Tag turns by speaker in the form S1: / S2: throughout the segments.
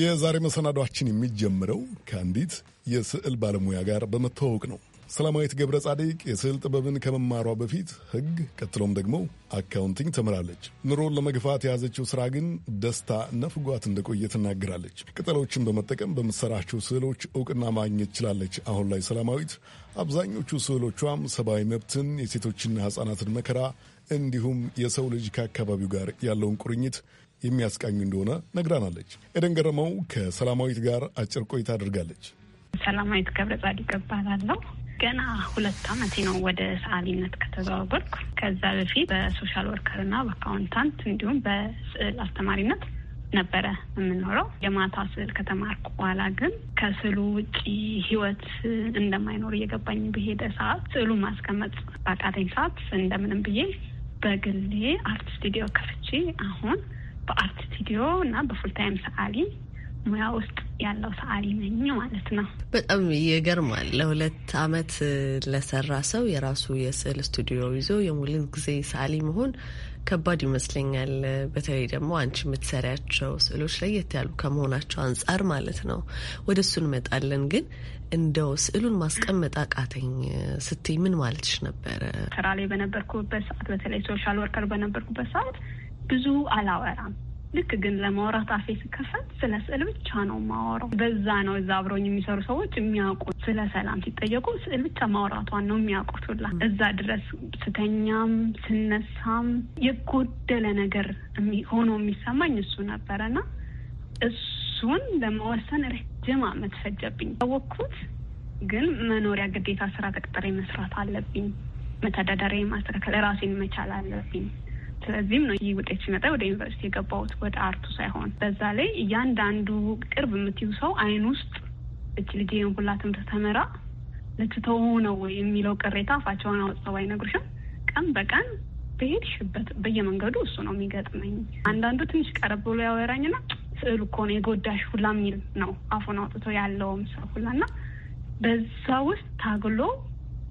S1: የዛሬ መሰናዷችን የሚጀምረው ከአንዲት የስዕል ባለሙያ ጋር በመተዋወቅ ነው። ሰላማዊት ገብረ ጻድቅ የስዕል ጥበብን ከመማሯ በፊት ሕግ ቀጥሎም ደግሞ አካውንቲንግ ተምራለች። ኑሮን ለመግፋት የያዘችው ሥራ ግን ደስታ ነፍጓት እንደቆየ ትናገራለች። ቅጠሎችን በመጠቀም በምትሰራቸው ስዕሎች እውቅና ማግኘት ችላለች። አሁን ላይ ሰላማዊት አብዛኞቹ ስዕሎቿም ሰብአዊ መብትን፣ የሴቶችና ሕፃናትን መከራ እንዲሁም የሰው ልጅ ከአካባቢው ጋር ያለውን ቁርኝት የሚያስቃኝ እንደሆነ ነግራናለች። ኤደን ገረመው ከሰላማዊት ጋር አጭር ቆይታ አድርጋለች።
S2: ሰላማዊት ገብረ ጻዲቅ እባላለሁ። ገና ሁለት ዓመቴ ነው ወደ ሰዓሊነት ከተዘዋወርኩ። ከዛ በፊት በሶሻል ወርከርና በአካውንታንት እንዲሁም በስዕል አስተማሪነት ነበረ የምኖረው። የማታ ስዕል ከተማርኩ በኋላ ግን ከስዕሉ ውጪ ህይወት እንደማይኖር እየገባኝ በሄደ ሰዓት ስዕሉ ማስቀመጥ ባቃተኝ ሰዓት እንደምንም ብዬ በግሌ አርት ስቱዲዮ ከፍቼ አሁን በአርት ስቱዲዮ እና በፉልታይም ሰአሊ ሙያ ውስጥ ያለው ሰአሊ ነኝ ማለት ነው።
S3: በጣም ይገርማል። ለሁለት አመት ለሰራ ሰው የራሱ የስዕል ስቱዲዮ ይዞ የሙሉን ጊዜ ሰአሊ መሆን ከባድ ይመስለኛል። በተለይ ደግሞ አንቺ የምትሰሪያቸው ስዕሎች ለየት ያሉ ከመሆናቸው አንጻር ማለት ነው። ወደ እሱ እንመጣለን። ግን እንደው ስዕሉን ማስቀመጥ አቃተኝ ስትይ ምን ማለትሽ ነበረ?
S2: ስራ ላይ በነበርኩበት ሰዓት፣ በተለይ ሶሻል ወርከር በነበርኩበት ሰዓት ብዙ አላወራም። ልክ ግን ለማውራት አፌ ስከፈት ስለ ስዕል ብቻ ነው የማወራው። በዛ ነው እዛ አብረኝ የሚሰሩ ሰዎች የሚያውቁት። ስለ ሰላም ሲጠየቁ ስዕል ብቻ ማውራቷን ነው የሚያውቁት። ሁላ እዛ ድረስ ስተኛም ስነሳም የጎደለ ነገር ሆኖ የሚሰማኝ እሱ ነበረና እሱን ለመወሰን ረጅም አመት ፈጀብኝ። ያወቅኩት ግን መኖሪያ ግዴታ ስራ ተቅጥሬ መስራት አለብኝ። መተዳደሪያ ማስተካከል ራሴን መቻል አለብኝ ስለዚህም ነው ይህ ውጤት ሲመጣ ወደ ዩኒቨርሲቲ የገባሁት ወደ አርቱ ሳይሆን። በዛ ላይ እያንዳንዱ ቅርብ የምትይው ሰው አይን ውስጥ እች ልጅ ሁላ ትምህርት ተምራ ልትተው ነው የሚለው ቅሬታ አፋቸውን አውጥተው አይነግሩሽም። ቀን በቀን በሄድሽበት በየመንገዱ እሱ ነው የሚገጥመኝ። አንዳንዱ ትንሽ ቀረብ ብሎ ያወራኝና ስዕሉ እኮ ነው የጎዳሽ ሁላ የሚል ነው አፉን አውጥቶ ያለውም ሰው ሁላና በዛ ውስጥ ታግሎ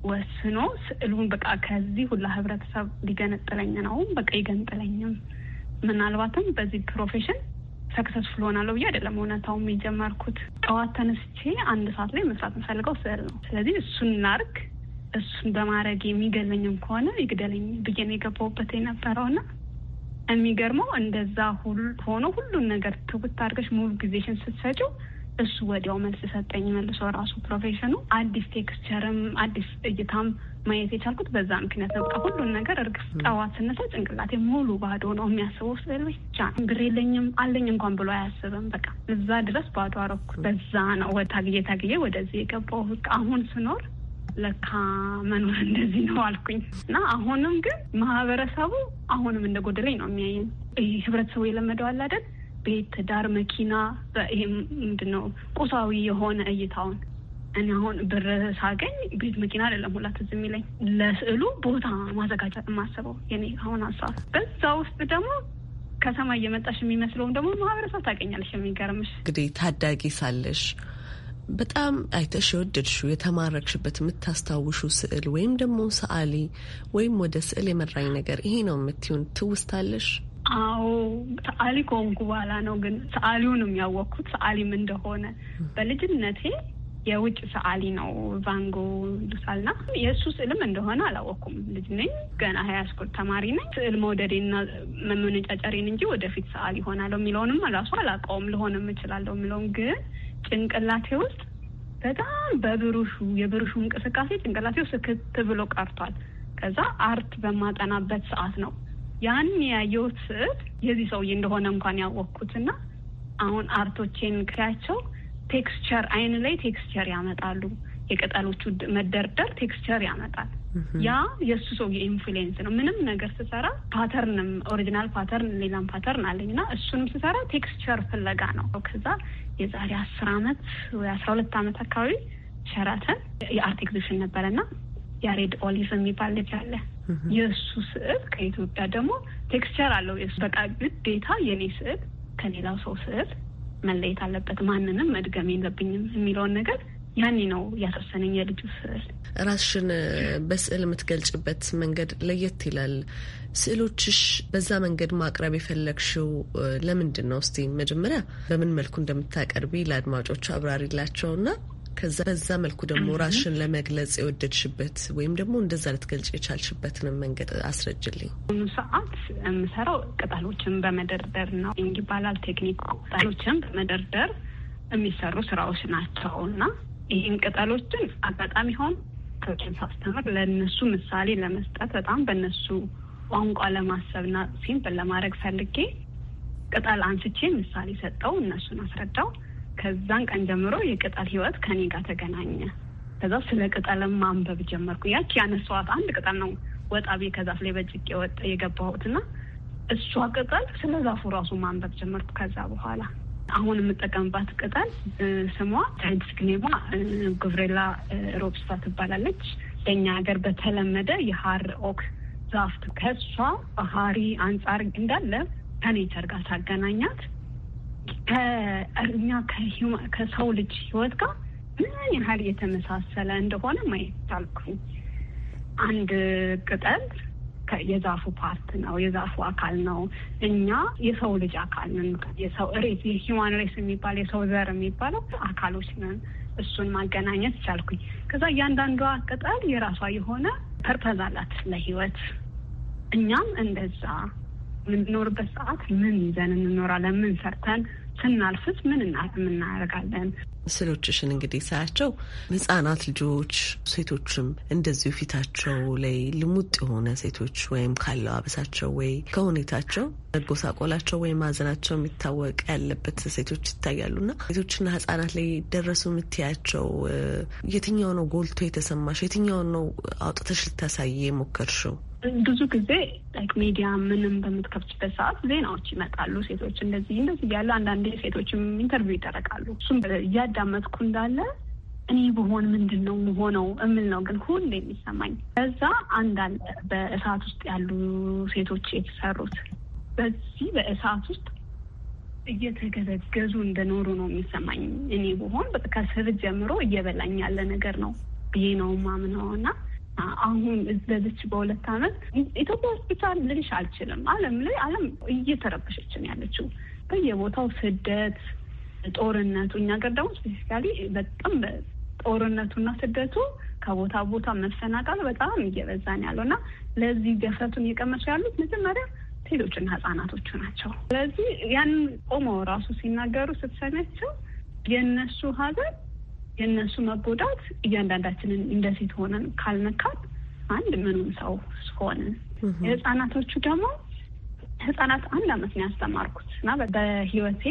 S2: ወስኖ ስዕሉን በቃ ከዚህ ሁላ ህብረተሰብ ሊገነጥለኝ ነው፣ በቃ ይገንጥለኝም። ምናልባትም በዚህ ፕሮፌሽን ሰክሰስፉል ሆናለሁ ብዬ አይደለም እውነታውም የጀመርኩት። ጠዋት ተነስቼ አንድ ሰዓት ላይ መስራት የምፈልገው ስዕል ነው። ስለዚህ እሱን ላርግ፣ እሱን በማድረግ የሚገለኝም ከሆነ ይግደለኝ ብዬ ነው የገባሁበት የነበረውና የሚገርመው እንደዛ ሆኖ ሁሉን ነገር ትውት አድርገሽ ሙሉ ጊዜሽን ስትሰጪው እሱ ወዲያው መልስ ሰጠኝ። መልሶ ራሱ ፕሮፌሽኑ አዲስ ቴክስቸርም አዲስ እይታም ማየት የቻልኩት በዛ ምክንያት ነው። በቃ ሁሉን ነገር እርግፍ ጠዋት ስነሳ ጭንቅላቴ ሙሉ ባዶ ነው። የሚያስበው ስዕል ብቻ ብር የለኝም አለኝ እንኳን ብሎ አያስብም። በቃ እዛ ድረስ ባዶ አረኩ። በዛ ነው ወታግዬ ታግዬ ወደዚህ የገባው። አሁን ስኖር ለካ መኖር እንደዚህ ነው አልኩኝ እና አሁንም ግን ማህበረሰቡ አሁንም እንደ ነው የሚያየን። ህብረተሰቡ የለመደው አለ አይደል ቤት፣ ትዳር፣ መኪና ይሄም ምንድን ነው ቁሳዊ የሆነ እይታውን እኔ አሁን ብር ሳገኝ ቤት መኪና አይደለም ሁላት እዚህ የሚለኝ ለስዕሉ ቦታ ማዘጋጃ የማስበው የኔ አሁን ሀሳብ። በዛ ውስጥ ደግሞ ከሰማይ እየመጣሽ የሚመስለውም ደግሞ ማህበረሰብ ታገኛለሽ። የሚገርምሽ
S3: እንግዲህ ታዳጊ ሳለሽ በጣም አይተሽ የወደድሽው የተማረክሽበት የምታስታውሹ ስዕል ወይም ደግሞ ሰዓሊ ወይም ወደ ስዕል የመራኝ ነገር ይሄ ነው የምትሆን ትውስታለሽ?
S2: አዎ ሰዓሊ ከሆንኩ በኋላ ነው ግን ሰዓሊውንም ያወቅኩት ሰዓሊም እንደሆነ በልጅነቴ የውጭ ሰዓሊ ነው ቫንጎ ዱሳል ና የእሱ ስዕልም እንደሆነ አላወቅኩም። ልጅ ነኝ ገና ሀያ ስኩል ተማሪ ነኝ። ስዕል መውደዴና መመነጫጨሬን እንጂ ወደፊት ሰዓሊ ይሆናለሁ የሚለውንም ራሱ አላውቀውም። ልሆንም እችላለሁ የሚለውን ግን ጭንቅላቴ ውስጥ በጣም በብሩሹ የብሩሹ እንቅስቃሴ ጭንቅላቴ ውስጥ ክት ብሎ ቀርቷል። ከዛ አርት በማጠናበት ሰዓት ነው ያን ያየሁት ስዕል የዚህ ሰውዬ እንደሆነ እንኳን ያወቅኩትና አሁን አርቶቼን ክሪያቸው ቴክስቸር አይን ላይ ቴክስቸር ያመጣሉ። የቅጠሎቹ መደርደር ቴክስቸር ያመጣል። ያ የእሱ ሰውዬ ኢንፍሉዌንስ ነው። ምንም ነገር ስሰራ ፓተርንም ኦሪጂናል ፓተርን ሌላም ፓተርን አለኝ እና እሱንም ስሰራ ቴክስቸር ፍለጋ ነው። ከዛ የዛሬ አስር አመት ወይ አስራ ሁለት አመት አካባቢ ሸራተን የአርት ኤግዚቢሽን ነበረና ያሬድ ኦሊቭ የሚባል ልጅ አለ። የእሱ ስዕል ከኢትዮጵያ ደግሞ ቴክስቸር አለው። በቃ ግዴታ የኔ ስዕል ከሌላው ሰው ስዕል መለየት አለበት፣ ማንንም መድገም የለብኝም የሚለውን ነገር ያኔ ነው ያተወሰነኝ የልጁ ስዕል።
S3: ራስሽን በስዕል የምትገልጭበት መንገድ ለየት ይላል። ስዕሎችሽ በዛ መንገድ ማቅረብ የፈለግሽው ለምንድን ነው? እስቲ መጀመሪያ በምን መልኩ እንደምታቀርቢ ለአድማጮቹ አብራሪላቸውና ከዛ በዛ መልኩ ደግሞ ራሽን ለመግለጽ የወደድሽበት ወይም ደግሞ እንደዛ ልትገልጭ የቻልሽበትንም መንገድ አስረጅልኝ።
S2: ሁኑ ሰዓት የምሰራው ቅጠሎችን በመደርደር ነው። ንግ ይባላል ቴክኒክ ቅጠሎችን በመደርደር የሚሰሩ ስራዎች ናቸው እና ይህን ቅጠሎችን አጋጣሚ ሆን ሰዎችን ሳስተምር ለእነሱ ምሳሌ ለመስጠት በጣም በእነሱ ቋንቋ ለማሰብና ሲምፕል ለማድረግ ፈልጌ ቅጠል አንስቼ ምሳሌ ሰጠው፣ እነሱን አስረዳው። ከዛን ቀን ጀምሮ የቅጠል ህይወት ከኔ ጋር ተገናኘ። ከዛ ስለ ቅጠልም ማንበብ ጀመርኩ። ያች ያነሷት አንድ ቅጠል ነው ወጣ ቤ ከዛፍ ላይ በጭቅ የወጠ የገባሁት እና እሷ ቅጠል ስለ ዛፉ ራሱ ማንበብ ጀመርኩ። ከዛ በኋላ አሁን የምጠቀምባት ቅጠል ስሟ ታይድስክኔማ ጉብሬላ ሮብስታ ትባላለች። በእኛ ሀገር በተለመደ የሀር ኦክ ዛፍ ከእሷ ባህሪ አንጻር እንዳለ ከኔቸር ጋር ታገናኛት እኛ ከሰው ልጅ ህይወት ጋር ምን ያህል የተመሳሰለ እንደሆነ ማየት አልኩኝ። አንድ ቅጠል የዛፉ ፓርት ነው፣ የዛፉ አካል ነው። እኛ የሰው ልጅ አካል ነን። የሰው ሬስ የሂውማን ሬስ የሚባል የሰው ዘር የሚባለው አካሎች ነን። እሱን ማገናኘት ቻልኩኝ። ከዛ እያንዳንዷ ቅጠል የራሷ የሆነ ፐርፐዝ አላት ለህይወት። እኛም እንደዛ የምንኖርበት ሰዓት ምን ይዘን እንኖራለን? ምን ሰርተን ስናልፍስ ምን እናደርጋለን?
S3: ስሎችሽን እንግዲህ ሳያቸው ህጻናት ልጆች ሴቶችም እንደዚሁ ፊታቸው ላይ ልሙጥ የሆነ ሴቶች ወይም ካለው አበሳቸው ወይ ከሁኔታቸው መጎሳቆላቸው ወይም ማዘናቸው የሚታወቅ ያለበት ሴቶች ይታያሉና ሴቶችና ህጻናት ላይ ደረሱ የምትያቸው የትኛው ነው ጎልቶ የተሰማሽ? የትኛው ነው አውጥተሽ ልታሳይ የሞከርሽው?
S2: ብዙ ጊዜ ላይክ ሚዲያ ምንም በምትከፍችበት ሰዓት ዜናዎች ይመጣሉ። ሴቶች እንደዚህ እንደዚህ እያሉ አንዳንዴ ሴቶችም ኢንተርቪው ይደረጋሉ። እሱም እያዳመጥኩ እንዳለ እኔ ብሆን ምንድን ነው መሆነው እምል ነው ግን ሁሌ የሚሰማኝ በዛ አንዳንድ በእሳት ውስጥ ያሉ ሴቶች የተሰሩት በዚህ በእሳት ውስጥ እየተገዘገዙ እንደኖሩ ነው የሚሰማኝ። እኔ ብሆን ከስር ጀምሮ እየበላኝ ያለ ነገር ነው ብዬ ነው ማምነው እና አሁን በዚች በሁለት ዓመት ኢትዮጵያ ሆስፒታል ልልሽ አልችልም። ዓለም ላይ ዓለም እየተረበሸችን ያለችው በየቦታው ስደት፣ ጦርነቱ እኛ ሀገር ደግሞ ስፔሲፊካሊ በጣም ጦርነቱና ስደቱ ከቦታ ቦታ መፈናቀሉ በጣም እየበዛ ያለው እና ለዚህ ገፈቱን እየቀመሱ ያሉት መጀመሪያ ሴቶችና ህጻናቶቹ ናቸው። ስለዚህ ያን ቆመው ራሱ ሲናገሩ ስትሰሚያቸው የእነሱ ሀገር የእነሱ መጎዳት እያንዳንዳችንን እንደ ሴት ሆነን ካልነካት አንድ ምንም ሰው ሆንን። የህፃናቶቹ ደግሞ ህጻናት አንድ አመት ነው ያስተማርኩት እና በህይወቴ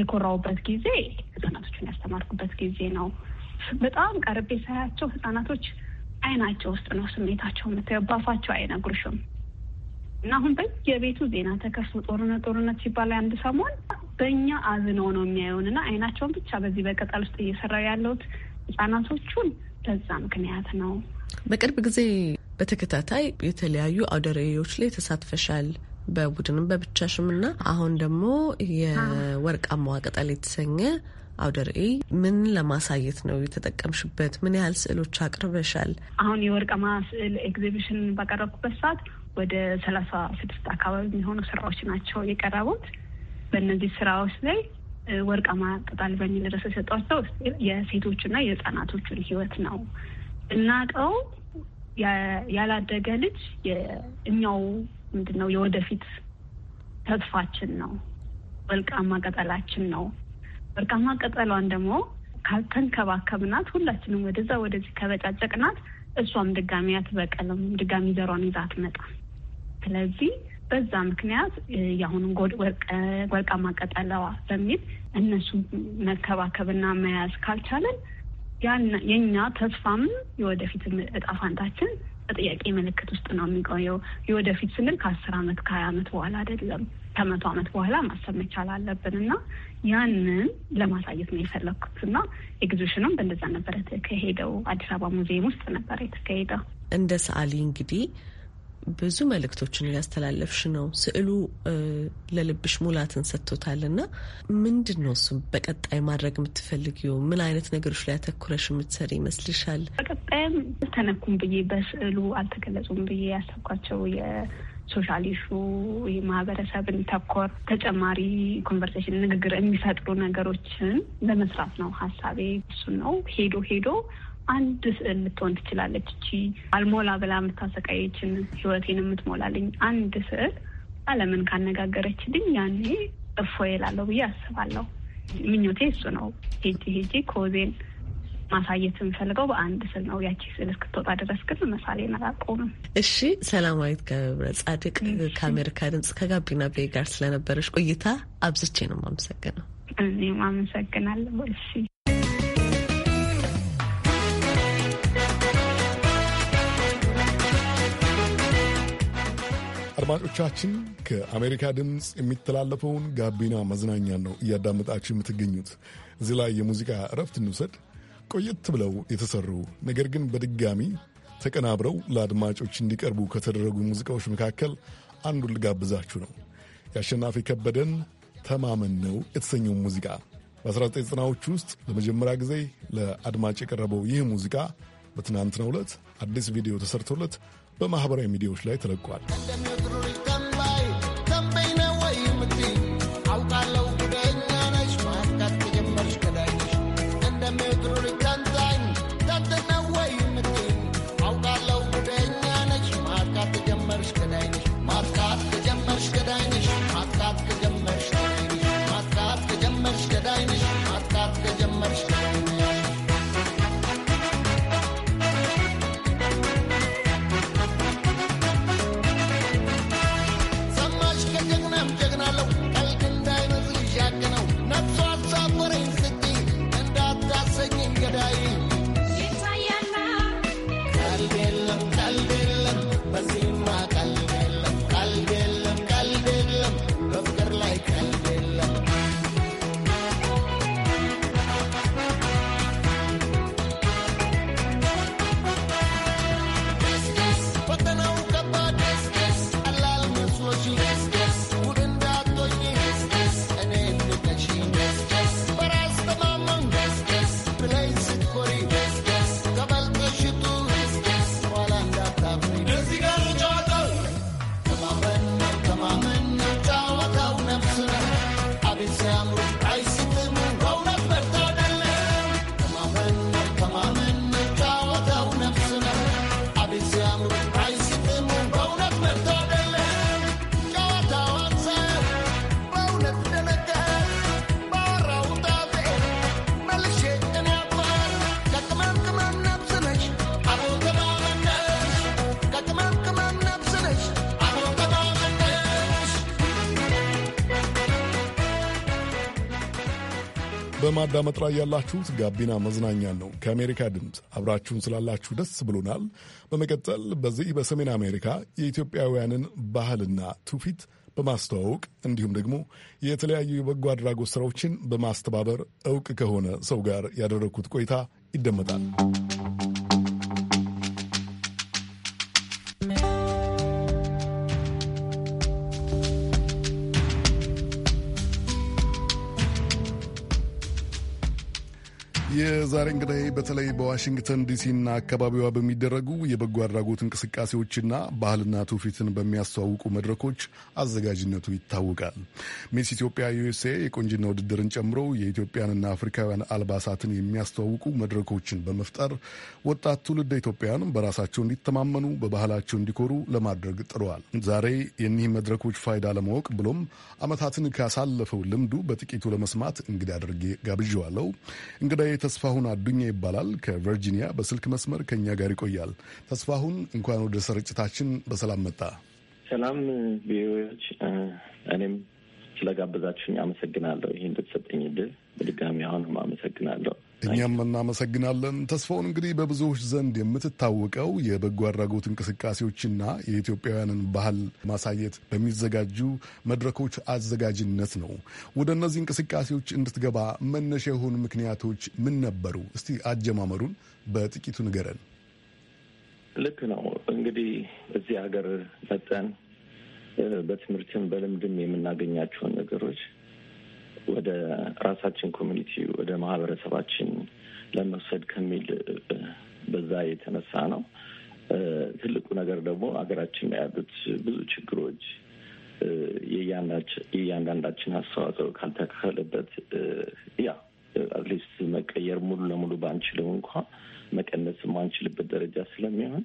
S2: የኮራውበት ጊዜ ህጻናቶቹን ያስተማርኩበት ጊዜ ነው። በጣም ቀርቤ ሳያቸው ህጻናቶች አይናቸው ውስጥ ነው ስሜታቸው የምታየው፣ ባፋቸው አይነግሩሽም። እና አሁን በየቤቱ ዜና ተከፍቶ ጦርነት ጦርነት ሲባል አንድ ሰሞን በእኛ አዝነው ነው የሚያዩን እና አይናቸውን ብቻ በዚህ በቅጠል ውስጥ እየሰራ ያለሁት ህጻናቶቹን በዛ ምክንያት ነው።
S3: በቅርብ ጊዜ በተከታታይ የተለያዩ አውደ ርዕዮች ላይ ተሳትፈሻል። በቡድንም በብቻሽም እና አሁን ደግሞ የወርቃማዋ ቅጠል የተሰኘ አውደ ርዕይ ምን ለማሳየት ነው የተጠቀምሽበት? ምን ያህል ስዕሎች አቅርበሻል?
S2: አሁን የወርቃማ ስዕል ኤግዚቢሽን ባቀረብኩበት ሰዓት ወደ ሰላሳ ስድስት አካባቢ የሚሆኑ ስራዎች ናቸው የቀረቡት። በእነዚህ ስራዎች ላይ ወርቃማ ቅጠል በሚል ርዕስ የሰጧቸው የሴቶችና የህፃናቶችን ህይወት ነው። እናቀው ያላደገ ልጅ እኛው ምንድን ነው የወደፊት ተስፋችን ነው፣ ወርቃማ ቅጠላችን ነው። ወርቃማ ቅጠሏን ደግሞ ካልተንከባከብናት፣ ሁላችንም ወደዛ ወደዚህ ከበጫጨቅናት፣ እሷም ድጋሚ አትበቀልም፣ ድጋሚ ዘሯን ይዛ አትመጣም። ስለዚህ በዛ ምክንያት የአሁኑን ወርቃማ ቀጠለዋ በሚል እነሱ መከባከብና መያዝ ካልቻለን የኛ ተስፋም የወደፊት እጣፋንታችን በጥያቄ ምልክት ውስጥ ነው የሚቆየው። የወደፊት ስንል ከአስር ዓመት ከሀያ አመት በኋላ አይደለም ከመቶ አመት በኋላ ማሰብ መቻል አለብን እና ያንን ለማሳየት ነው የፈለግኩት እና ኤግዚቢሽኑም በእንደዛ ነበረ ከሄደው አዲስ አበባ ሙዚየም ውስጥ ነበረ የተካሄደው።
S3: እንደ ሰዓሊ እንግዲህ ብዙ መልእክቶችን እያስተላለፍሽ ነው። ስዕሉ ለልብሽ ሙላትን ሰጥቶታል እና ምንድን ነው እሱ በቀጣይ ማድረግ የምትፈልጊው? ምን አይነት ነገሮች ላይ ያተኩረሽ የምትሰሪ ይመስልሻል?
S2: በቀጣይም ተነኩም ብዬ በስዕሉ አልተገለጹም ብዬ ያሰብኳቸው የሶሻል ኢሹ የማህበረሰብን ተኮር ተጨማሪ ኮንቨርሴሽን ንግግር የሚፈጥሩ ነገሮችን በመስራት ነው ሀሳቤ። እሱ ነው ሄዶ ሄዶ አንድ ስዕል ልትሆን ትችላለች። እቺ አልሞላ ብላ የምታሰቃየችን ህይወቴን የምትሞላልኝ አንድ ስዕል ዓለምን ካነጋገረችልኝ ያኔ እፎ እላለሁ ብዬ አስባለሁ። ምኞቴ እሱ ነው። ሄጂ ሄጂ ኮዜን ማሳየት የምፈልገው በአንድ ስል ነው። ያቺ ስል እስክትወጣ ድረስ ግን መሳሌ አላቆምም።
S3: እሺ፣ ሰላማዊት ገብረ ጻድቅ ከአሜሪካ ድምጽ ከጋቢና ቤ ጋር ስለነበረች ቆይታ አብዝቼ ነው የማመሰግነው።
S2: እኔም አመሰግናለሁ። እሺ
S1: አድማጮቻችን ከአሜሪካ ድምፅ የሚተላለፈውን ጋቢና መዝናኛ ነው እያዳመጣችሁ የምትገኙት። እዚህ ላይ የሙዚቃ እረፍት እንውሰድ። ቆየት ብለው የተሰሩ ነገር ግን በድጋሚ ተቀናብረው ለአድማጮች እንዲቀርቡ ከተደረጉ ሙዚቃዎች መካከል አንዱን ልጋብዛችሁ ነው። የአሸናፊ ከበደን ተማመን ነው የተሰኘው ሙዚቃ በ1990ዎቹ ውስጥ ለመጀመሪያ ጊዜ ለአድማጭ የቀረበው ይህ ሙዚቃ በትናንትናው ዕለት አዲስ ቪዲዮ ተሰርቶለት በማኅበራዊ ሚዲያዎች ላይ ተለቋል። በማዳመጥ ላይ ያላችሁት ጋቢና መዝናኛ ነው ከአሜሪካ ድምፅ። አብራችሁን ስላላችሁ ደስ ብሎናል። በመቀጠል በዚህ በሰሜን አሜሪካ የኢትዮጵያውያንን ባህልና ትውፊት በማስተዋወቅ እንዲሁም ደግሞ የተለያዩ የበጎ አድራጎት ስራዎችን በማስተባበር እውቅ ከሆነ ሰው ጋር ያደረግኩት ቆይታ ይደመጣል። የዛሬ እንግዳይ በተለይ በዋሽንግተን ዲሲና አካባቢዋ በሚደረጉ የበጎ አድራጎት እንቅስቃሴዎችና ባህልና ትውፊትን በሚያስተዋውቁ መድረኮች አዘጋጅነቱ ይታወቃል። ሚስ ኢትዮጵያ ዩኤስኤ የቆንጅና ውድድርን ጨምሮ የኢትዮጵያንና አፍሪካውያን አልባሳትን የሚያስተዋውቁ መድረኮችን በመፍጠር ወጣት ትውልደ ኢትዮጵያን በራሳቸው እንዲተማመኑ፣ በባህላቸው እንዲኮሩ ለማድረግ ጥረዋል። ዛሬ የኒህ መድረኮች ፋይዳ ለማወቅ ብሎም ዓመታትን ካሳለፈው ልምዱ በጥቂቱ ለመስማት እንግዳ አድርጌ ጋብዣዋለሁ። እንግዳ ተስፋሁን አዱኛ ይባላል። ከቨርጂኒያ በስልክ መስመር ከእኛ ጋር ይቆያል። ተስፋሁን እንኳን ወደ ስርጭታችን በሰላም መጣ።
S4: ሰላም ቪዎች እኔም ስለጋበዛችሁኝ አመሰግናለሁ። ይህን ልትሰጠኝ ድል በድጋሚ አሁንም አመሰግናለሁ።
S1: እኛም እናመሰግናለን። ተስፋውን እንግዲህ በብዙዎች ዘንድ የምትታወቀው የበጎ አድራጎት እንቅስቃሴዎችና የኢትዮጵያውያንን ባህል ማሳየት በሚዘጋጁ መድረኮች አዘጋጅነት ነው። ወደ እነዚህ እንቅስቃሴዎች እንድትገባ መነሻ የሆኑ ምክንያቶች ምን ነበሩ? እስቲ አጀማመሩን በጥቂቱ ንገረን።
S4: ልክ ነው እንግዲህ እዚህ ሀገር መጠን በትምህርትም በልምድም የምናገኛቸውን ነገሮች ወደ ራሳችን ኮሚኒቲ ወደ ማህበረሰባችን ለመውሰድ ከሚል በዛ የተነሳ ነው። ትልቁ ነገር ደግሞ ሀገራችን ላይ ያሉት ብዙ ችግሮች የእያንዳንዳችን አስተዋጽኦ ካልተካከለበት ያ አትሊስት መቀየር ሙሉ ለሙሉ ባንችልም እንኳ መቀነስ ማንችልበት ደረጃ ስለሚሆን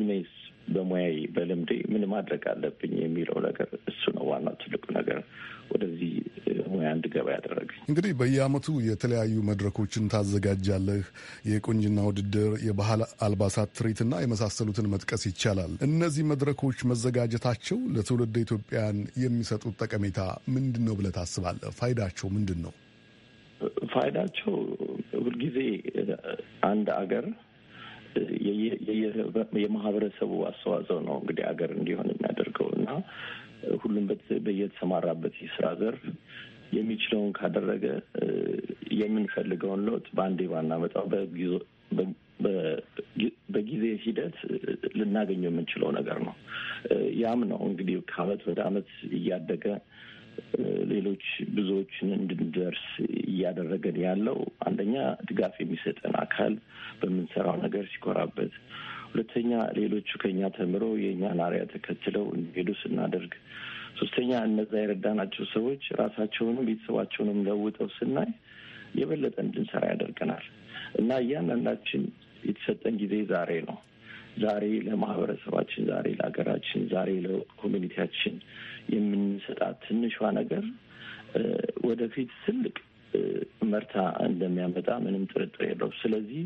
S4: ኢሜይስ በሙያዬ በልምዴ ምን ማድረግ አለብኝ የሚለው ነገር እሱ ነው ዋናው ትልቁ ነገር ወደዚህ ሙያ እንድገባ ያደረገኝ።
S1: እንግዲህ በየአመቱ የተለያዩ መድረኮችን ታዘጋጃለህ። የቁንጅና ውድድር፣ የባህል አልባሳት ትርኢትና የመሳሰሉትን መጥቀስ ይቻላል። እነዚህ መድረኮች መዘጋጀታቸው ለትውልድ ኢትዮጵያን የሚሰጡት ጠቀሜታ ምንድን ነው ብለህ ታስባለህ? ፋይዳቸው ምንድን ነው?
S4: ፋይዳቸው ሁልጊዜ አንድ አገር የማህበረሰቡ አስተዋጽኦ ነው እንግዲህ ሀገር እንዲሆን የሚያደርገው እና ሁሉም በየተሰማራበት የስራ ዘርፍ የሚችለውን ካደረገ የምንፈልገውን ለውጥ በአንዴ ባናመጣው በጊዜ ሂደት ልናገኘው የምንችለው ነገር ነው። ያም ነው እንግዲህ ከአመት ወደ አመት እያደገ ሌሎች ብዙዎችን እንድንደርስ እያደረገን ያለው አንደኛ ድጋፍ የሚሰጠን አካል በምንሰራው ነገር ሲኮራበት፣ ሁለተኛ ሌሎቹ ከኛ ተምረው የእኛን አርያ ተከትለው እንዲሄዱ ስናደርግ፣ ሶስተኛ እነዛ የረዳናቸው ሰዎች ራሳቸውንም ቤተሰባቸውንም ለውጠው ስናይ የበለጠ እንድንሰራ ያደርገናል እና እያንዳንዳችን የተሰጠን ጊዜ ዛሬ ነው። ዛሬ ለማህበረሰባችን፣ ዛሬ ለሀገራችን፣ ዛሬ ለኮሚኒቲያችን የምንሰጣት ትንሿ ነገር ወደፊት ትልቅ መርታ እንደሚያመጣ ምንም ጥርጥር የለው። ስለዚህ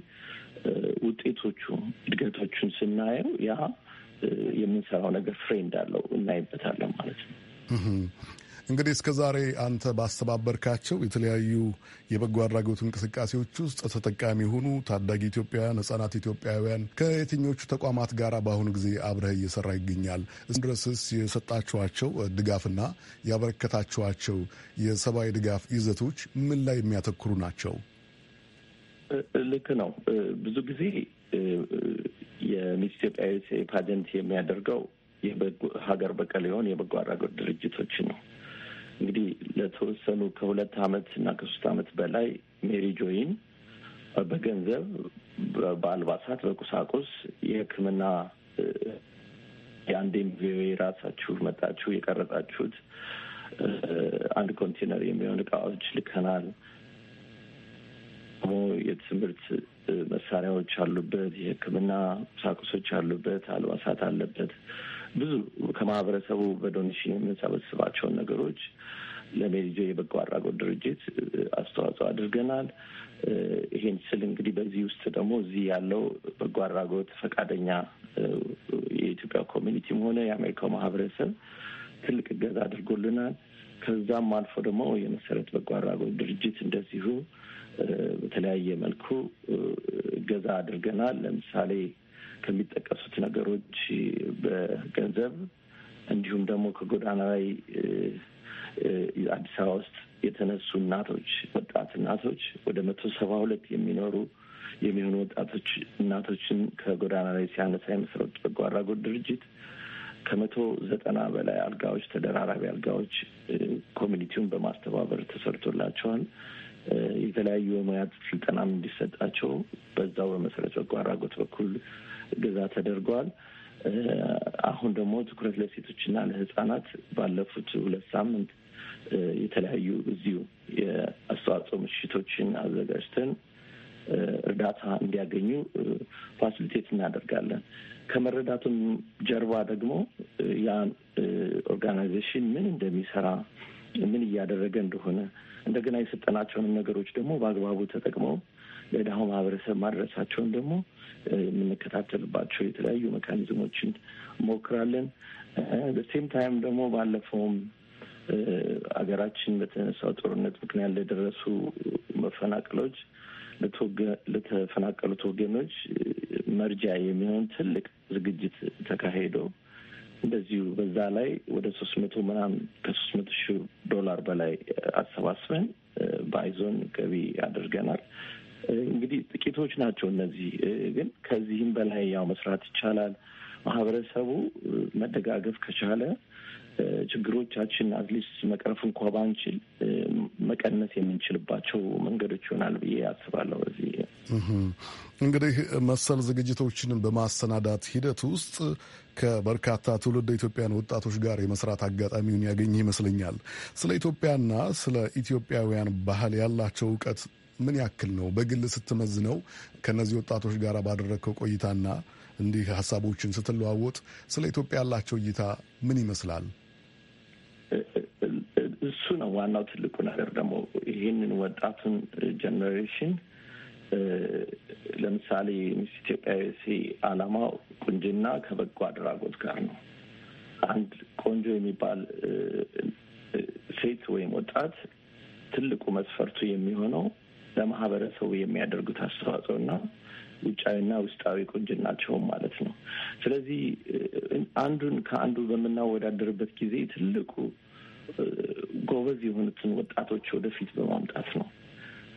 S4: ውጤቶቹ እድገቶቹን ስናየው ያ የምንሰራው ነገር ፍሬ እንዳለው እናይበታለን ማለት ነው።
S1: እንግዲህ እስከ ዛሬ አንተ ባስተባበርካቸው የተለያዩ የበጎ አድራጎት እንቅስቃሴዎች ውስጥ ተጠቃሚ የሆኑ ታዳጊ ኢትዮጵያውያን፣ ህጻናት ኢትዮጵያውያን ከየትኞቹ ተቋማት ጋር በአሁኑ ጊዜ አብረህ እየሰራ ይገኛል? ድረስስ የሰጣችኋቸው ድጋፍና ያበረከታችኋቸው የሰብአዊ ድጋፍ ይዘቶች ምን ላይ የሚያተኩሩ ናቸው?
S4: ልክ ነው። ብዙ ጊዜ የሚስ ኢትዮጵያዊ ፓጀንት የሚያደርገው ሀገር በቀል የሆን የበጎ አድራጎት ድርጅቶች ነው። እንግዲህ ለተወሰኑ ከሁለት አመት እና ከሶስት አመት በላይ ሜሪ ጆይን በገንዘብ፣ በአልባሳት፣ በቁሳቁስ የሕክምና የአንዴም ቪኦኤ ራሳችሁ መጣችሁ የቀረጻችሁት አንድ ኮንቴነር የሚሆን እቃዎች ልከናል። የትምህርት መሳሪያዎች አሉበት፣ የሕክምና ቁሳቁሶች አሉበት፣ አልባሳት አለበት። ብዙ ከማህበረሰቡ በዶኔሽን የምንሰበስባቸውን ነገሮች ለሜሪጆ የበጎ አድራጎት ድርጅት አስተዋጽኦ አድርገናል። ይሄን ስል እንግዲህ በዚህ ውስጥ ደግሞ እዚህ ያለው በጎ አድራጎት ፈቃደኛ የኢትዮጵያ ኮሚኒቲም ሆነ የአሜሪካው ማህበረሰብ ትልቅ እገዛ አድርጎልናል። ከዛም አልፎ ደግሞ የመሰረት በጎ አድራጎት ድርጅት እንደዚሁ በተለያየ መልኩ እገዛ አድርገናል። ለምሳሌ ከሚጠቀሱት ነገሮች በገንዘብ እንዲሁም ደግሞ ከጎዳና ላይ አዲስ አበባ ውስጥ የተነሱ እናቶች ወጣት እናቶች ወደ መቶ ሰባ ሁለት የሚኖሩ የሚሆኑ ወጣቶች እናቶችን ከጎዳና ላይ ሲያነሳ የመሰረቱ በጎ አድራጎት ድርጅት ከመቶ ዘጠና በላይ አልጋዎች ተደራራቢ አልጋዎች ኮሚኒቲውን በማስተባበር ተሰርቶላቸዋል። የተለያዩ የሙያ ስልጠናም እንዲሰጣቸው በዛው በመሰረት በጎ አድራጎት በኩል እገዛ ተደርገዋል። አሁን ደግሞ ትኩረት ለሴቶችና ለህጻናት ባለፉት ሁለት ሳምንት የተለያዩ እዚሁ የአስተዋጽኦ ምሽቶችን አዘጋጅተን እርዳታ እንዲያገኙ ፋሲሊቴት እናደርጋለን። ከመረዳቱም ጀርባ ደግሞ ያን ኦርጋናይዜሽን ምን እንደሚሰራ ምን እያደረገ እንደሆነ እንደገና የሰጠናቸውንም ነገሮች ደግሞ በአግባቡ ተጠቅመው ለድሃው ማህበረሰብ ማድረሳቸውን ደግሞ የምንከታተልባቸው የተለያዩ ሜካኒዝሞችን ሞክራለን። በሴም ታይም ደግሞ ባለፈውም አገራችን በተነሳው ጦርነት ምክንያት ለደረሱ መፈናቀሎች ለተፈናቀሉት ወገኖች መርጃ የሚሆን ትልቅ ዝግጅት ተካሄዶ እንደዚሁ በዛ ላይ ወደ ሶስት መቶ ምናምን ከሶስት መቶ ሺህ ዶላር በላይ አሰባስበን በአይዞን ገቢ አድርገናል። እንግዲህ ጥቂቶች ናቸው እነዚህ። ግን ከዚህም በላይ ያው መስራት ይቻላል። ማህበረሰቡ መደጋገፍ ከቻለ ችግሮቻችን አትሊስት መቅረፍ እንኳ ባንችል መቀነስ የምንችልባቸው መንገዶች ይሆናል ብዬ አስባለሁ። በዚህ
S1: እንግዲህ መሰል ዝግጅቶችን በማሰናዳት ሂደት ውስጥ ከበርካታ ትውልድ ኢትዮጵያን ወጣቶች ጋር የመስራት አጋጣሚውን ያገኘ ይመስለኛል። ስለ ኢትዮጵያና ስለ ኢትዮጵያውያን ባህል ያላቸው እውቀት ምን ያክል ነው በግል ስትመዝነው ከነዚህ ወጣቶች ጋር ባደረግከው ቆይታና እንዲህ ሀሳቦችን ስትለዋወጥ ስለ ኢትዮጵያ ያላቸው እይታ ምን ይመስላል?
S4: እሱ ነው ዋናው ትልቁ ነገር። ደግሞ ይህንን ወጣቱን ጀኔሬሽን ለምሳሌ ሚስ ኢትዮጵያ ሲ አላማው ቁንጅና ከበጎ አድራጎት ጋር ነው። አንድ ቆንጆ የሚባል ሴት ወይም ወጣት ትልቁ መስፈርቱ የሚሆነው ለማህበረሰቡ የሚያደርጉት አስተዋጽኦ እና ውጫዊና ውስጣዊ ቁንጅናቸውም ማለት ነው። ስለዚህ አንዱን ከአንዱ በምናወዳደርበት ጊዜ ትልቁ ጎበዝ የሆኑትን ወጣቶች ወደፊት በማምጣት ነው።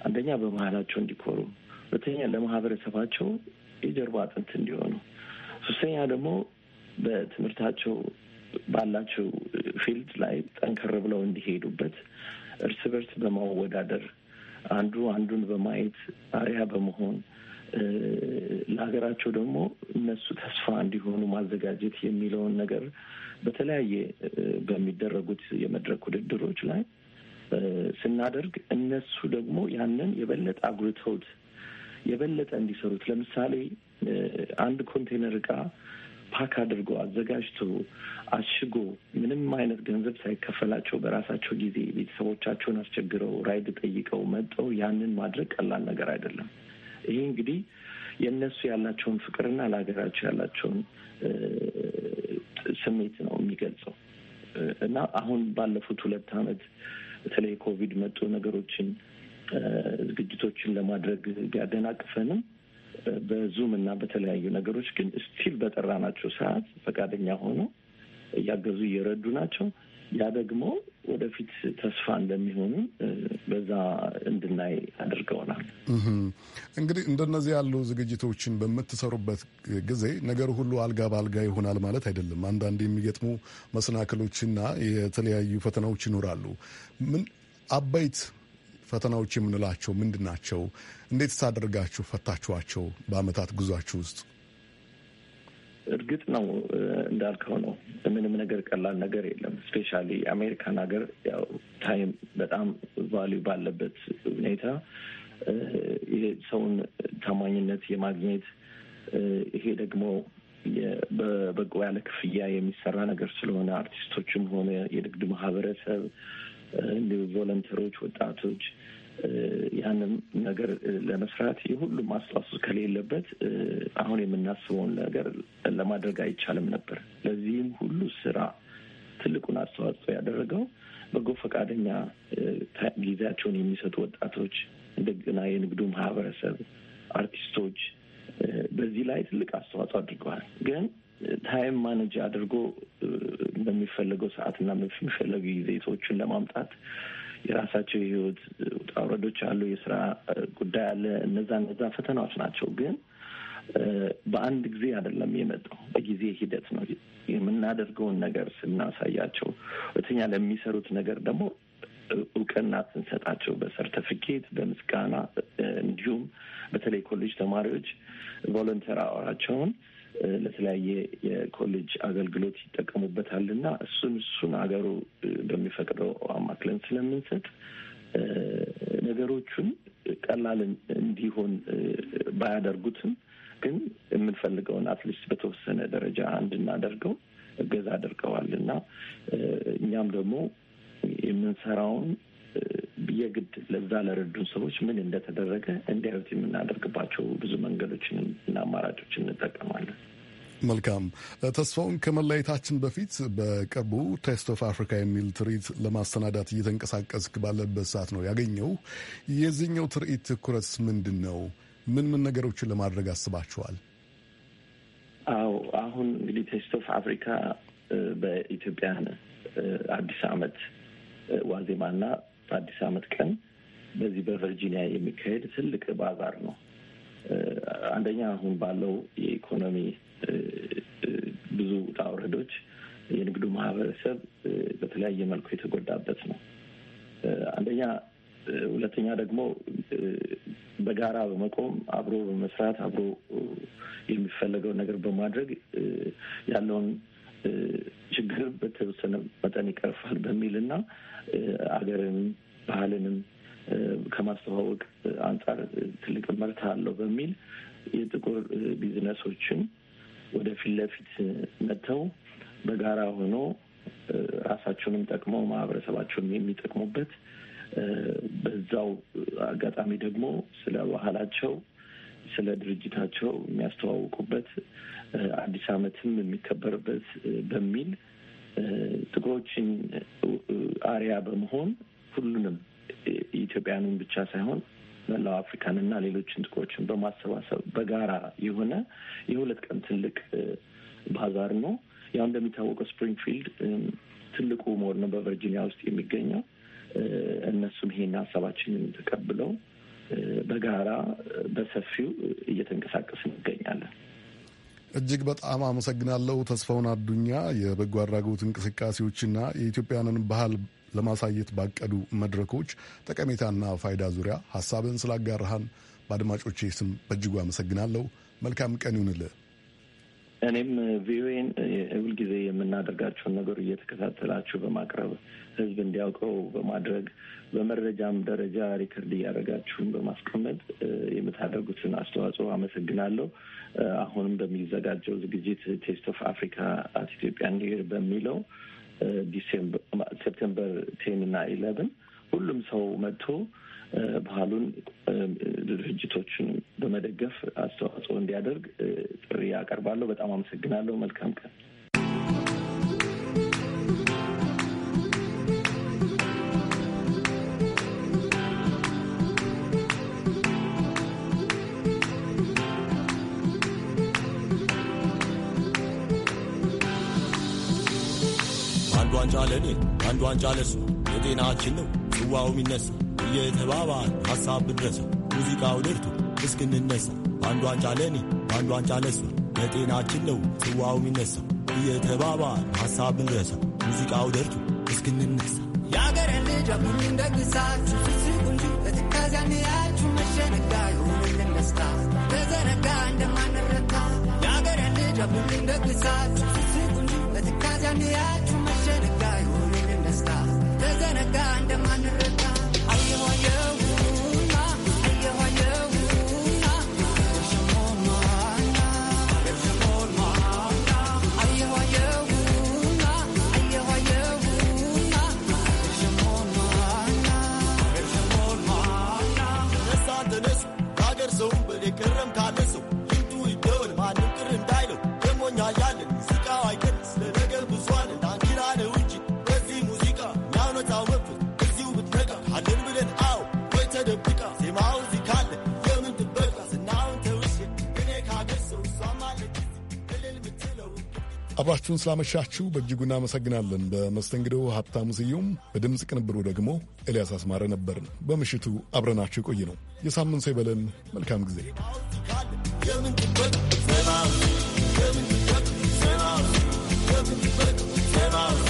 S4: አንደኛ በባህላቸው እንዲኮሩ፣ ሁለተኛ ለማህበረሰባቸው የጀርባ አጥንት እንዲሆኑ፣ ሶስተኛ ደግሞ በትምህርታቸው ባላቸው ፊልድ ላይ ጠንከር ብለው እንዲሄዱበት እርስ በርስ በማወዳደር አንዱ አንዱን በማየት አሪያ በመሆን ለሀገራቸው ደግሞ እነሱ ተስፋ እንዲሆኑ ማዘጋጀት የሚለውን ነገር በተለያየ በሚደረጉት የመድረክ ውድድሮች ላይ ስናደርግ እነሱ ደግሞ ያንን የበለጠ አጉልተውት የበለጠ እንዲሰሩት ለምሳሌ አንድ ኮንቴነር እቃ ፓክ አድርጎ አዘጋጅቶ አሽጎ ምንም አይነት ገንዘብ ሳይከፈላቸው በራሳቸው ጊዜ ቤተሰቦቻቸውን አስቸግረው ራይድ ጠይቀው መጠው ያንን ማድረግ ቀላል ነገር አይደለም። ይህ እንግዲህ የእነሱ ያላቸውን ፍቅርና ለሀገራቸው ያላቸውን ስሜት ነው የሚገልጸው እና አሁን ባለፉት ሁለት ዓመት በተለይ ኮቪድ መጡ ነገሮችን ዝግጅቶችን ለማድረግ ቢያደናቅፈንም በዙም እና በተለያዩ ነገሮች ግን ስቲል በጠራናቸው ሰዓት ፈቃደኛ ሆኖ እያገዙ እየረዱ ናቸው። ያ ደግሞ ወደፊት ተስፋ እንደሚሆኑ በዛ እንድናይ አድርገውናል።
S1: እንግዲህ እንደነዚህ ያሉ ዝግጅቶችን በምትሰሩበት ጊዜ ነገር ሁሉ አልጋ በአልጋ ይሆናል ማለት አይደለም። አንዳንድ የሚገጥሙ መሰናክሎችና የተለያዩ ፈተናዎች ይኖራሉ። ምን አበይት ፈተናዎች የምንላቸው ምንድን ናቸው? እንዴት ሳደርጋችሁ ፈታችኋቸው? በአመታት ጉዟችሁ ውስጥ
S4: እርግጥ ነው እንዳልከው ነው። ምንም ነገር ቀላል ነገር የለም። ስፔሻሊ የአሜሪካን ሀገር ያው ታይም በጣም ቫሊዩ ባለበት ሁኔታ ይሄ ሰውን ታማኝነት የማግኘት ይሄ ደግሞ በበጎ ያለ ክፍያ የሚሰራ ነገር ስለሆነ አርቲስቶችም ሆነ የንግድ ማህበረሰብ እንዲሁ ቮለንተሮች፣ ወጣቶች ያንን ነገር ለመስራት የሁሉም አስተዋጽኦ ከሌለበት አሁን የምናስበውን ነገር ለማድረግ አይቻልም ነበር። ለዚህም ሁሉ ስራ ትልቁን አስተዋጽኦ ያደረገው በጎ ፈቃደኛ ጊዜያቸውን የሚሰጡ ወጣቶች፣ እንደገና የንግዱ ማህበረሰብ፣ አርቲስቶች በዚህ ላይ ትልቅ አስተዋጽኦ አድርገዋል ግን ታይም ማነጅ አድርጎ በሚፈለገው ሰዓትና በሚፈለገው ጊዜ ሰዎችን ለማምጣት የራሳቸው የህይወት ውጣ ውረዶች አሉ፣ የስራ ጉዳይ አለ። እነዛ እነዛ ፈተናዎች ናቸው። ግን በአንድ ጊዜ አይደለም የመጣው፣ በጊዜ ሂደት ነው። የምናደርገውን ነገር ስናሳያቸው፣ ሁለተኛ ለሚሰሩት ነገር ደግሞ እውቅና ስንሰጣቸው በሰርተፊኬት በምስጋና እንዲሁም በተለይ ኮሌጅ ተማሪዎች ቮለንተር አወራቸውን ለተለያየ የኮሌጅ አገልግሎት ይጠቀሙበታል እና እሱን እሱን ሀገሩ በሚፈቅደው አማክለን ስለምንሰጥ ነገሮቹን ቀላል እንዲሆን ባያደርጉትም ግን የምንፈልገውን አትሊስት በተወሰነ ደረጃ እንድናደርገው እገዛ አድርገዋል እና እኛም ደግሞ የምንሰራውን የግድ ለዛ ለረዱን ሰዎች ምን እንደተደረገ እንዲያዩት የምናደርግባቸው ብዙ መንገዶችን እና አማራጮችን እንጠቀማለን።
S1: መልካም ተስፋውን ከመለያየታችን በፊት በቅርቡ ቴስት ኦፍ አፍሪካ የሚል ትርኢት ለማሰናዳት እየተንቀሳቀስክ ባለበት ሰዓት ነው ያገኘው። የዚህኛው ትርኢት ትኩረት ምንድን ነው? ምን ምን ነገሮችን ለማድረግ አስባችኋል?
S4: አዎ አሁን እንግዲህ ቴስት ኦፍ አፍሪካ በኢትዮጵያን አዲስ ዓመት ዋዜማና በአዲስ ዓመት ቀን በዚህ በቨርጂኒያ የሚካሄድ ትልቅ ባዛር ነው። አንደኛ አሁን ባለው የኢኮኖሚ ብዙ ውጣ ውረዶች የንግዱ ማህበረሰብ በተለያየ መልኩ የተጎዳበት ነው። አንደኛ ሁለተኛ ደግሞ በጋራ በመቆም አብሮ በመስራት አብሮ የሚፈለገውን ነገር በማድረግ ያለውን ችግር በተወሰነ መጠን ይቀርፋል በሚል እና አገርንም ባህልንም ከማስተዋወቅ አንጻር ትልቅ መርታ አለው በሚል የጥቁር ቢዝነሶችን ወደፊት ለፊት መጥተው በጋራ ሆኖ ራሳቸውንም ጠቅመው ማህበረሰባቸውን የሚጠቅሙበት በዛው አጋጣሚ ደግሞ ስለ ባህላቸው ስለ ድርጅታቸው የሚያስተዋውቁበት አዲስ ዓመትም የሚከበርበት በሚል ጥቁሮችን አሪያ በመሆን ሁሉንም ኢትዮጵያንን ብቻ ሳይሆን መላው አፍሪካን እና ሌሎችን ጥቁሮችን በማሰባሰብ በጋራ የሆነ የሁለት ቀን ትልቅ ባዛር ነው። ያው እንደሚታወቀው ስፕሪንግፊልድ ትልቁ ሞል ነው በቨርጂኒያ ውስጥ የሚገኘው። እነሱም ይሄን ሀሳባችንን ተቀብለው በጋራ በሰፊው እየተንቀሳቀስ እንገኛለን።
S1: እጅግ በጣም አመሰግናለሁ ተስፋውን አዱኛ። የበጎ አድራጎት እንቅስቃሴዎችና የኢትዮጵያንን ባህል ለማሳየት ባቀዱ መድረኮች ጠቀሜታና ፋይዳ ዙሪያ ሀሳብን ስላጋራሃን በአድማጮቼ ስም በእጅጉ አመሰግናለሁ። መልካም ቀን ይሁንልህ።
S4: እኔም ቪኦኤን ጊዜ የምናደርጋቸውን ነገር እየተከታተላችሁ በማቅረብ ህዝብ እንዲያውቀው በማድረግ በመረጃም ደረጃ ሪከርድ እያደረጋችሁን በማስቀመጥ የምታደርጉትን አስተዋጽኦ አመሰግናለሁ። አሁንም በሚዘጋጀው ዝግጅት ቴስት ኦፍ አፍሪካ አት ኢትዮጵያ እንዲሄድ በሚለው ዲሴምበር ሴፕቴምበር ቴን እና ኢለብን ሁሉም ሰው መጥቶ ባህሉን ድርጅቶችን በመደገፍ አስተዋጽኦ እንዲያደርግ ጥሪ ያቀርባለሁ። በጣም አመሰግናለሁ። መልካም ቀን።
S5: ዋንጫ ለእኔ አንድ ዋንጫ ለሱ የጤናችን ነው ጽዋው የሚነሳ እየተባባል ሀሳብ ብድረሰ ሙዚቃው ደርቶ እስክንነሳ አንድ ዋንጫ ለእኔ አንድ ዋንጫ ለሱ የጤናችን ነው ጽዋው የሚነሳ እየተባባል ሀሳብ ብድረሰ ሙዚቃው ደርቶ እስክንነሳ የአገረ ልጅ አቁኝ እንደግሳችሁ ስቁንጂ በትካዚያን ያችሁ መሸነጋ ይሁንልን ደስታ ተዘነጋ እንደማንረታ የአገረ ልጅ አቁኝ እንደግሳችሁ ስቁንጂ በትካዚያን ያችሁ
S1: አብራችሁን ስላመሻችሁ በእጅጉ እናመሰግናለን። በመስተንግዶ ሀብታሙ ስዩም፣ በድምፅ ቅንብሩ ደግሞ ኤልያስ አስማረ ነበርን። በምሽቱ አብረናችሁ ቆይ ነው። የሳምንት ሰው ይበለን። መልካም ጊዜ።
S5: Come on.